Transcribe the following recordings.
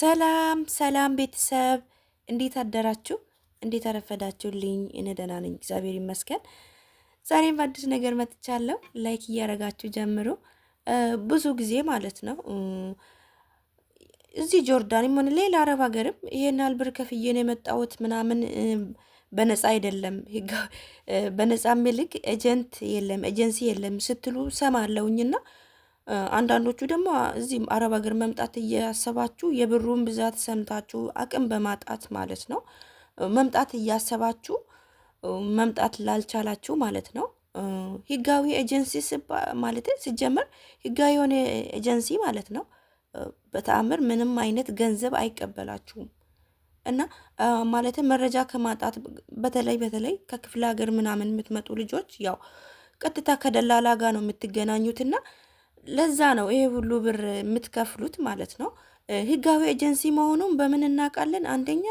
ሰላም ሰላም ቤተሰብ እንዴት አደራችሁ? እንዴት አረፈዳችሁልኝ? እኔ ደህና ነኝ፣ እግዚአብሔር ይመስገን። ዛሬም በአዲስ ነገር መጥቻለሁ። ላይክ እያረጋችሁ ጀምሩ። ብዙ ጊዜ ማለት ነው እዚህ ጆርዳንም ሆነ ሌላ አረብ ሀገርም ይሄን ያህል ብር ከፍዬ ነው የመጣሁት ምናምን በነፃ አይደለም በነፃ ምልክ ኤጀንት የለም ኤጀንሲ የለም ስትሉ ሰማለሁኝና አንዳንዶቹ ደግሞ እዚህም አረብ ሀገር መምጣት እያሰባችሁ የብሩን ብዛት ሰምታችሁ አቅም በማጣት ማለት ነው መምጣት እያሰባችሁ መምጣት ላልቻላችሁ ማለት ነው ህጋዊ ኤጀንሲ ማለት ሲጀመር ህጋዊ የሆነ ኤጀንሲ ማለት ነው በተአምር ምንም አይነት ገንዘብ አይቀበላችሁም። እና ማለትም መረጃ ከማጣት በተለይ በተለይ ከክፍለ ሀገር ምናምን የምትመጡ ልጆች ያው ቀጥታ ከደላላ ጋር ነው የምትገናኙትና ለዛ ነው ይሄ ሁሉ ብር የምትከፍሉት ማለት ነው። ህጋዊ ኤጀንሲ መሆኑን በምን እናውቃለን? አንደኛ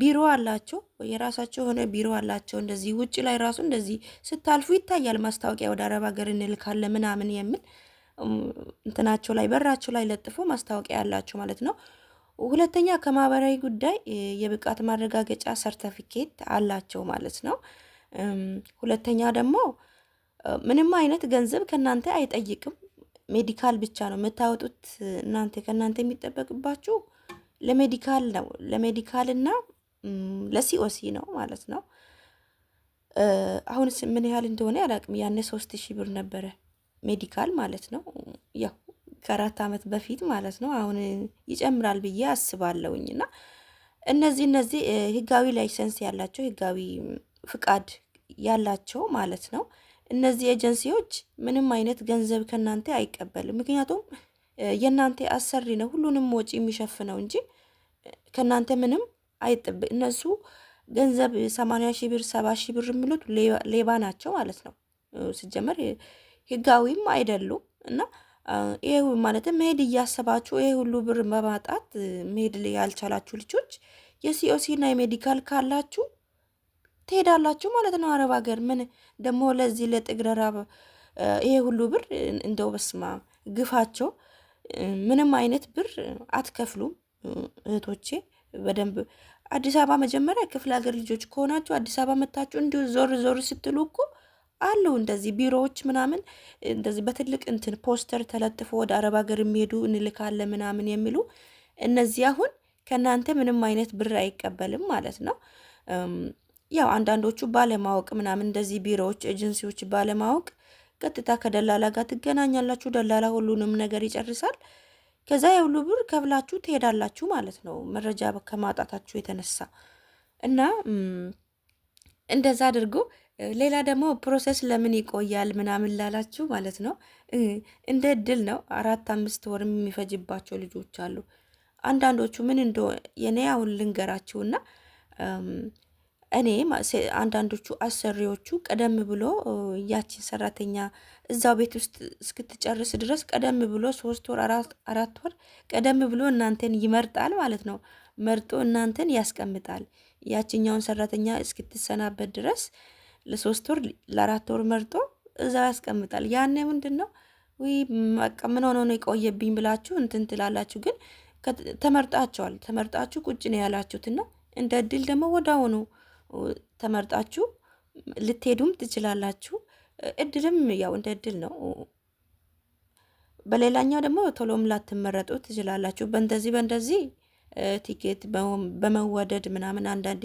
ቢሮ አላቸው፣ የራሳቸው የሆነ ቢሮ አላቸው። እንደዚህ ውጭ ላይ ራሱ እንደዚህ ስታልፉ ይታያል ማስታወቂያ ወደ አረብ ሀገር እንልካለን ምናምን የሚል እንትናቸው ላይ በራቸው ላይ ለጥፎ ማስታወቂያ ያላቸው ማለት ነው። ሁለተኛ ከማህበራዊ ጉዳይ የብቃት ማረጋገጫ ሰርተፊኬት አላቸው ማለት ነው። ሁለተኛ ደግሞ ምንም አይነት ገንዘብ ከእናንተ አይጠይቅም። ሜዲካል ብቻ ነው የምታወጡት እናንተ ከእናንተ የሚጠበቅባችሁ ለሜዲካል ነው። ለሜዲካል እና ለሲኦሲ ነው ማለት ነው። አሁንስ ምን ያህል እንደሆነ አላቅም። ያኔ ሶስት ሺህ ብር ነበረ ሜዲካል ማለት ነው። ያው ከአራት ዓመት በፊት ማለት ነው። አሁን ይጨምራል ብዬ አስባለሁኝ። እና እነዚህ እነዚህ ህጋዊ ላይሰንስ ያላቸው ህጋዊ ፍቃድ ያላቸው ማለት ነው እነዚህ ኤጀንሲዎች ምንም አይነት ገንዘብ ከእናንተ አይቀበልም። ምክንያቱም የእናንተ አሰሪ ነው ሁሉንም ወጪ የሚሸፍነው እንጂ ከእናንተ ምንም አይጥብ። እነሱ ገንዘብ ሰማንያ ሺህ ብር ሰባ ሺህ ብር የሚሉት ሌባ ናቸው ማለት ነው። ሲጀመር ህጋዊም አይደሉም እና ይህ ማለት መሄድ እያሰባችሁ ይህ ሁሉ ብር በማጣት መሄድ ያልቻላችሁ ልጆች የሲኦሲ እና የሜዲካል ካላችሁ ትሄዳላችሁ ማለት ነው አረብ ሀገር። ምን ደግሞ ለዚህ ለጥግረራ ይሄ ሁሉ ብር እንደው በስማ ግፋቸው። ምንም አይነት ብር አትከፍሉም እህቶቼ። በደንብ አዲስ አበባ መጀመሪያ ክፍለ ሀገር ልጆች ከሆናችሁ አዲስ አበባ መታችሁ እንዲሁ ዞር ዞር ስትሉ እኮ አሉ እንደዚህ ቢሮዎች ምናምን እንደዚህ በትልቅ እንትን ፖስተር ተለጥፎ ወደ አረብ ሀገር የሚሄዱ እንልካለን ምናምን የሚሉ እነዚህ አሁን ከእናንተ ምንም አይነት ብር አይቀበልም ማለት ነው። ያው አንዳንዶቹ ባለማወቅ ምናምን እንደዚህ ቢሮዎች፣ ኤጀንሲዎች ባለማወቅ ቀጥታ ከደላላ ጋር ትገናኛላችሁ። ደላላ ሁሉንም ነገር ይጨርሳል። ከዛ የሁሉ ብር ከፍላችሁ ትሄዳላችሁ ማለት ነው፣ መረጃ ከማጣታችሁ የተነሳ እና እንደዛ አድርጎ ሌላ ደግሞ ፕሮሰስ ለምን ይቆያል ምናምን ላላችሁ ማለት ነው እንደ እድል ነው። አራት አምስት ወርም የሚፈጅባቸው ልጆች አሉ። አንዳንዶቹ ምን እንደ የኔ አሁን ልንገራችሁና እኔ አንዳንዶቹ አሰሪዎቹ ቀደም ብሎ ያችን ሰራተኛ እዛው ቤት ውስጥ እስክትጨርስ ድረስ ቀደም ብሎ ሶስት ወር አራት ወር ቀደም ብሎ እናንተን ይመርጣል ማለት ነው። መርጦ እናንተን ያስቀምጣል። ያችኛውን ሰራተኛ እስክትሰናበት ድረስ ለሶስት ወር ለአራት ወር መርጦ እዛ ያስቀምጣል። ያኔ ምንድን ነው ወይ ምን ሆኖ ነው የቆየብኝ ብላችሁ እንትን ትላላችሁ። ግን ተመርጣችኋል። ተመርጣችሁ ቁጭ ነው ያላችሁትና እንደ እድል ደግሞ ወዳውኑ ተመርጣችሁ ልትሄዱም ትችላላችሁ። እድልም ያው እንደ እድል ነው። በሌላኛው ደግሞ ቶሎም ላትመረጡ ትችላላችሁ። በእንደዚህ በእንደዚህ ቲኬት በመወደድ ምናምን አንዳንዴ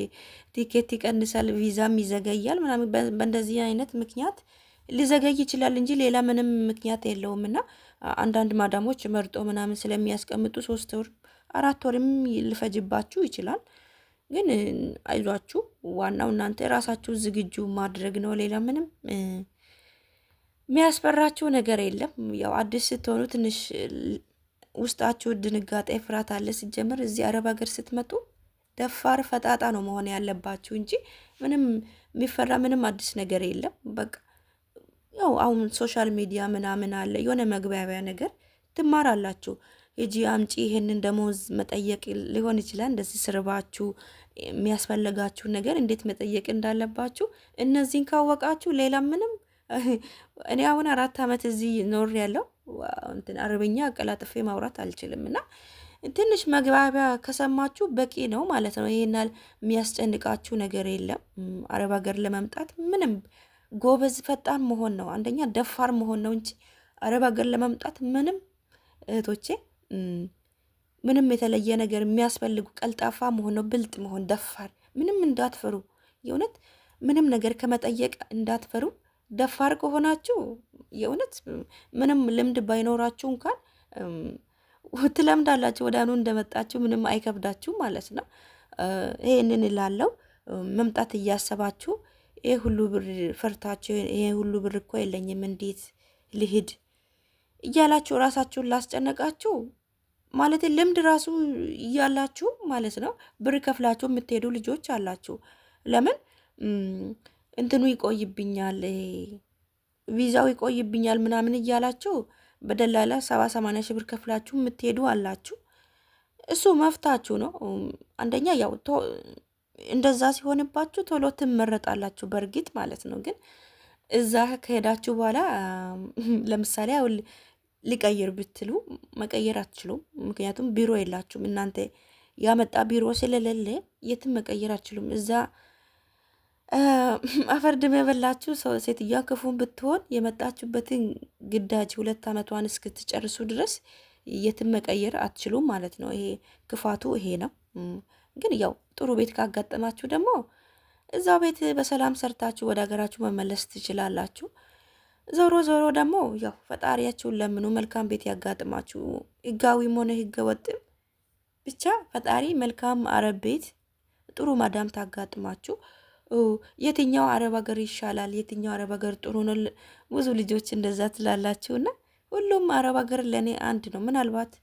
ቲኬት ይቀንሳል፣ ቪዛም ይዘገያል ምናምን። በእንደዚህ አይነት ምክንያት ሊዘገይ ይችላል እንጂ ሌላ ምንም ምክንያት የለውም። እና አንዳንድ ማዳሞች መርጦ ምናምን ስለሚያስቀምጡ ሶስት ወር አራት ወርም ልፈጅባችሁ ይችላል። ግን አይዟችሁ፣ ዋናው እናንተ ራሳችሁ ዝግጁ ማድረግ ነው። ሌላ ምንም የሚያስፈራችሁ ነገር የለም። ያው አዲስ ስትሆኑ ትንሽ ውስጣችሁ ድንጋጤ፣ ፍርሃት አለ። ሲጀምር እዚህ አረብ ሀገር ስትመጡ ደፋር ፈጣጣ ነው መሆን ያለባችሁ እንጂ ምንም የሚፈራ ምንም አዲስ ነገር የለም። በቃ ያው አሁን ሶሻል ሚዲያ ምናምን አለ፣ የሆነ መግባቢያ ነገር ትማራላችሁ። የጂ አምጪ ይሄንን ደሞዝ መጠየቅ ሊሆን ይችላል እንደዚህ ስርባችሁ የሚያስፈልጋችሁ ነገር እንዴት መጠየቅ እንዳለባችሁ እነዚህን ካወቃችሁ ሌላ ምንም እኔ አሁን አራት ዓመት እዚህ ኖር ያለው እንትን አረብኛ አቀላጥፌ ማውራት አልችልም እና ትንሽ መግባቢያ ከሰማችሁ በቂ ነው ማለት ነው። ይሄን ያህል የሚያስጨንቃችሁ ነገር የለም። አረብ ሀገር ለመምጣት ምንም ጎበዝ ፈጣን መሆን ነው፣ አንደኛ ደፋር መሆን ነው እንጂ አረብ ሀገር ለመምጣት ምንም እህቶቼ ምንም የተለየ ነገር የሚያስፈልጉ ቀልጣፋ መሆን ነው፣ ብልጥ መሆን፣ ደፋር ምንም እንዳትፈሩ። የእውነት ምንም ነገር ከመጠየቅ እንዳትፈሩ። ደፋር ከሆናችሁ የእውነት ምንም ልምድ ባይኖራችሁ እንኳን ትለምዳላችሁ። ወደ አኑ እንደመጣችሁ ምንም አይከብዳችሁ ማለት ነው። ይህንን ላለው መምጣት እያሰባችሁ ይሄ ሁሉ ብር ፈርታችሁ፣ ይሄ ሁሉ ብር እኮ የለኝም እንዴት ልሂድ እያላችሁ እራሳችሁን ላስጨነቃችሁ ማለት ልምድ ራሱ እያላችሁ ማለት ነው ብር ከፍላችሁ የምትሄዱ ልጆች አላችሁ። ለምን እንትኑ ይቆይብኛል፣ ቪዛው ይቆይብኛል ምናምን እያላችሁ በደላላ ሰባ ሰማንያ ሺህ ብር ከፍላችሁ የምትሄዱ አላችሁ። እሱ መፍታችሁ ነው። አንደኛ ያው እንደዛ ሲሆንባችሁ ቶሎ ትመረጣላችሁ፣ በእርግጥ ማለት ነው። ግን እዛ ከሄዳችሁ በኋላ ለምሳሌ ሊቀይር ብትሉ መቀየር አትችሉም። ምክንያቱም ቢሮ የላችሁም እናንተ ያመጣ ቢሮ ስለሌለ የትም መቀየር አትችሉም። እዛ አፈርድም የበላችሁ ሴትዮዋ ክፉን ብትሆን የመጣችሁበትን ግዳጅ ሁለት ዓመቷን እስክትጨርሱ ድረስ የትም መቀየር አትችሉም ማለት ነው። ይሄ ክፋቱ ይሄ ነው። ግን ያው ጥሩ ቤት ካጋጠማችሁ ደግሞ እዛው ቤት በሰላም ሰርታችሁ ወደ ሀገራችሁ መመለስ ትችላላችሁ። ዞሮ ዞሮ ደግሞ ያው ፈጣሪያችሁን ለምኑ። መልካም ቤት ያጋጥማችሁ። ህጋዊም ሆነ ህገ ወጥም ብቻ ፈጣሪ መልካም አረብ ቤት ጥሩ ማዳም ታጋጥማችሁ። የትኛው አረብ ሀገር ይሻላል፣ የትኛው አረብ ሀገር ጥሩ ነው፣ ብዙ ልጆች እንደዛ ትላላችሁና ሁሉም አረብ ሀገር ለእኔ አንድ ነው። ምናልባት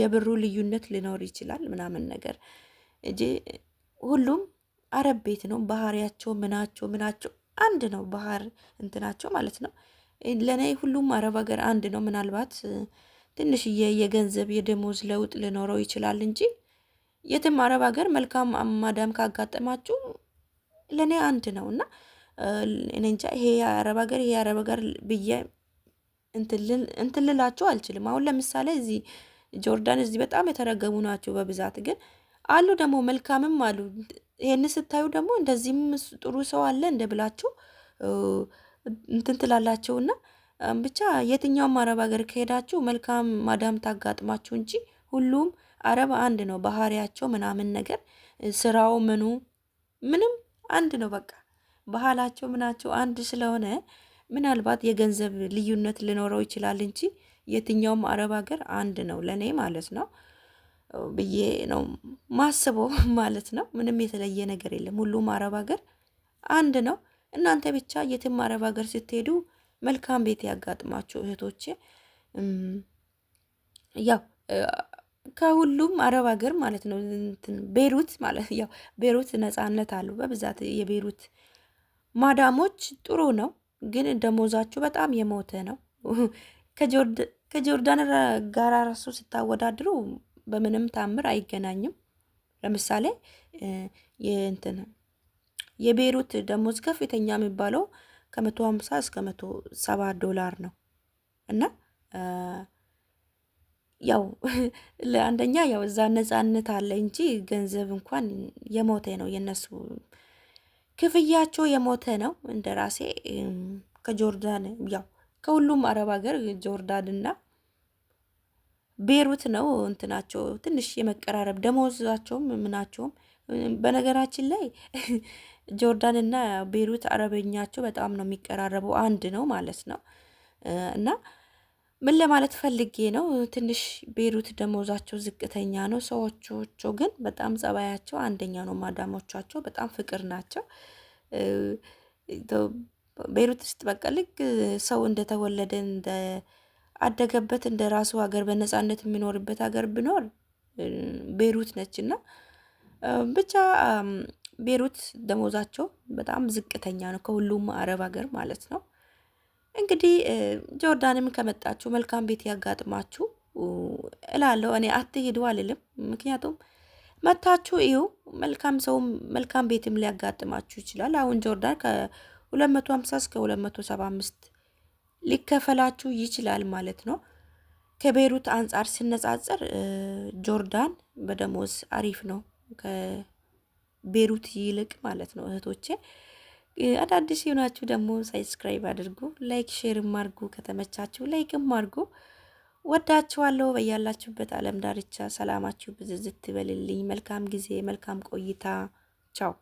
የብሩ ልዩነት ሊኖር ይችላል ምናምን ነገር እንጂ ሁሉም አረብ ቤት ነው። ባህሪያቸው ምናቸው ምናቸው አንድ ነው ባህር እንትናቸው ማለት ነው። ለእኔ ሁሉም አረብ ሀገር አንድ ነው። ምናልባት ትንሽዬ የገንዘብ የደሞዝ ለውጥ ሊኖረው ይችላል እንጂ የትም አረብ ሀገር መልካም ማዳም ካጋጠማችሁ ለእኔ አንድ ነው እና እኔ እንጃ ይሄ የአረብ ሀገር ይሄ የአረብ ሀገር ብዬ እንትልላችሁ አልችልም። አሁን ለምሳሌ እዚህ ጆርዳን እዚህ በጣም የተረገሙ ናቸው በብዛት ግን አሉ ደግሞ መልካምም አሉ። ይህን ስታዩ ደግሞ እንደዚህም ጥሩ ሰው አለ እንደ ብላችሁ እንትን እና ብቻ የትኛውም አረብ ሀገር ከሄዳችሁ መልካም ማዳም ታጋጥማችሁ እንጂ ሁሉም አረብ አንድ ነው። ባህሪያቸው ምናምን ነገር ስራው ምኑ ምንም አንድ ነው። በቃ ባህላቸው ምናቸው አንድ ስለሆነ ምናልባት የገንዘብ ልዩነት ሊኖረው ይችላል እንጂ የትኛውም አረብ ሀገር አንድ ነው ለእኔ ማለት ነው። ብዬ ነው ማስበው ማለት ነው። ምንም የተለየ ነገር የለም። ሁሉም አረብ ሀገር አንድ ነው። እናንተ ብቻ የትም አረብ ሀገር ስትሄዱ መልካም ቤት ያጋጥማችሁ እህቶቼ። ያው ከሁሉም አረብ ሀገር ማለት ነው ቤሩት ማለት ያው ቤሩት ነጻነት አለው በብዛት የቤሩት ማዳሞች ጥሩ ነው፣ ግን ደሞዛችሁ በጣም የሞተ ነው። ከጆርዳን ጋር ራሱ ስታወዳድሩ በምንም ታምር አይገናኝም። ለምሳሌ የእንትን የቤሩት ደሞዝ ከፍተኛ የሚባለው ከመቶ ሀምሳ እስከ መቶ ሰባ ዶላር ነው እና ያው ለአንደኛ ያው እዛ ነጻነት አለ እንጂ ገንዘብ እንኳን የሞተ ነው። የነሱ ክፍያቸው የሞተ ነው። እንደ ራሴ ከጆርዳን ያው ከሁሉም አረብ ሀገር ጆርዳን እና ቤሩት ነው እንትናቸው ትንሽ የመቀራረብ ደሞዛቸውም ምናቸውም። በነገራችን ላይ ጆርዳን እና ቤሩት አረበኛቸው በጣም ነው የሚቀራረቡ፣ አንድ ነው ማለት ነው። እና ምን ለማለት ፈልጌ ነው፣ ትንሽ ቤሩት ደሞዛቸው ዝቅተኛ ነው። ሰዎቻቸው ግን በጣም ጸባያቸው አንደኛ ነው። ማዳሞቻቸው በጣም ፍቅር ናቸው። ቤሩት ውስጥ በቃ ልክ ሰው እንደተወለደ እንደ አደገበት እንደ ራሱ ሀገር በነፃነት የሚኖርበት ሀገር ብኖር ቤሩት ነች እና ብቻ ቤሩት ደሞዛቸው በጣም ዝቅተኛ ነው፣ ከሁሉም አረብ ሀገር ማለት ነው። እንግዲህ ጆርዳንም ከመጣችሁ መልካም ቤት ያጋጥማችሁ እላለሁ። እኔ አትሄዱ አልልም፣ ምክንያቱም መታችሁ ይሁ መልካም ሰውም መልካም ቤትም ሊያጋጥማችሁ ይችላል። አሁን ጆርዳን ከ250 እስከ 275 ሊከፈላችሁ ይችላል ማለት ነው። ከቤሩት አንጻር ሲነጻጸር ጆርዳን በደሞዝ አሪፍ ነው ከቤሩት ይልቅ ማለት ነው። እህቶቼ አዳዲስ የሆናችሁ ደግሞ ሳብስክራይብ አድርጉ፣ ላይክ ሼርም አድርጉ፣ ከተመቻችሁ ላይክም አድርጉ። ወዳችኋለሁ። በያላችሁበት ዓለም ዳርቻ ሰላማችሁ ብዝዝት በልልኝ መልካም ጊዜ፣ መልካም ቆይታ። ቻው